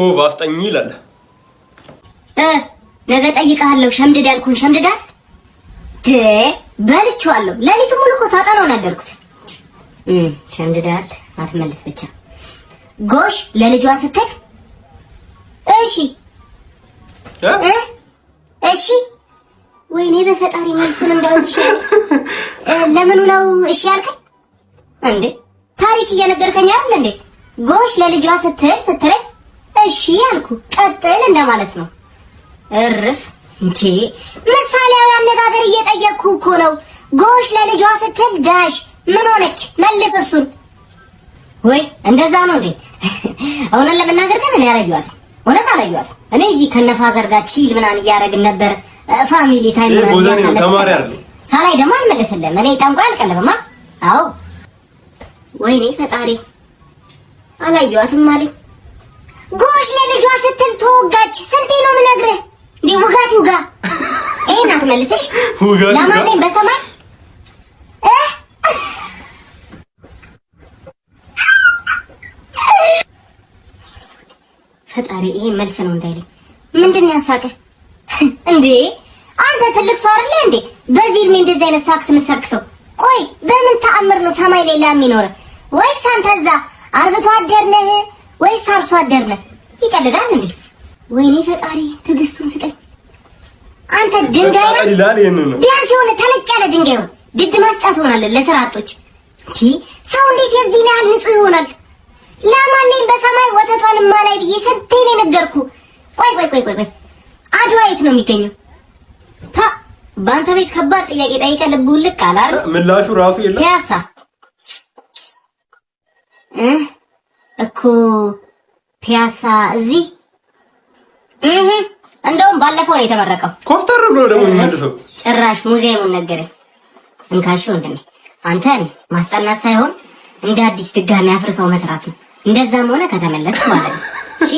ሆ አስጠኝ ይላል እ ነገ ጠይቀሃለሁ። ሸምድድ ያልኩን ሸምድዳ ድ በልቼዋለሁ። ሌሊቱ ሙሉ እኮ ሳጠናው ነው ሸምድዳል አትመልስ ብቻ። ጎሽ ለልጇ ስትል እሺ እ እሺ ወይኔ በፈጣሪ መልሱን እንዳውቅሽ። ለምኑ ነው እሺ ያልከኝ እንዴ? ታሪክ እየነገርከኝ አይደል እንዴ? ጎሽ ለልጇ ስትል ስትለኝ ቀጥል እንደማለት ነው። እርፍ እንጂ ምሳሌያዊ አነጋገር እየጠየቅኩ እኮ ነው። ጎሽ ለልጇ ስትል ዳሽ ምን ሆነች? መልስ እሱን። ወይ እንደዛ ነው እንዴ? እውነት ለመናገር ግን እኔ አላየኋትም። እውነት አላየኋትም። እኔ እዚህ ከነፋ ዘርጋ ቺል ምናምን እያደረግን ነበር። ፋሚሊ ታይም ሳላይ ደግሞ አልመለሰለም። እኔ ጠንቋይ አልቀለብማ። አዎ ወይኔ ፈጣሪ አላየኋትም አለኝ። ጎሽ ለልጇ ስትል ተወጋች። ስንቴ ነው የምነግርህ? እንደ ውጋት ውጋ። ይሄን አትመልስሽ። ለማን ላይ በሰማይ ፈጣሪ ይሄ መልስ ነው እንዳይለኝ። ምንድን ነው ያሳቀህ እንዴ? አንተ ትልቅ ሰው አይደለ እንዴ? በዚህ እድሜ እንደዚህ አይነት ሳክስ ምሰክሰው? ቆይ በምን ተአምር ነው ሰማይ ሌላ የሚኖረ? ወይስ አንተ እዛ አርብቶ አደር ነህ? ወይስ አርሶ አደር ነህ? ይቀልዳል እንዴ? ወይኔ ፈጣሪ ትዕግስቱን ስጠኝ። አንተ ድንጋይ ነህ። ይላል። ቢያንስ የሆነ ተለቅ ያለ ድንጋይ ድድ ማስጫ ትሆናለህ ለስራ አጦች። ሰው እንዴት የዚህ ያህል ንጹህ ይሆናል? ላማለኝ በሰማይ ወተቷን ማላይ ብዬ ስንቴ ነው የነገርኩ። ቆይ ቆይ ቆይ ቆይ አድዋ የት ነው የሚገኘው? ታ በአንተ ቤት ከባድ ጥያቄ ጠይቀህ ልብህ ልቅ አላል። ምላሹ ራሱ የለም ያሳ እኮ ፒያሳ እዚህ እንደውም ባለፈው ነው የተመረቀው። ኮፍተር ብሎ ደግሞ የሚመልሰው ጭራሽ ሙዚየሙን ነገረኝ። እንካሽ ወንድሜ አንተን ማስጠናት ሳይሆን እንደ አዲስ ድጋሚ አፍርሰው መስራት ነው። እንደዛም ሆነ ከተመለስክ ማለት ነው። እሺ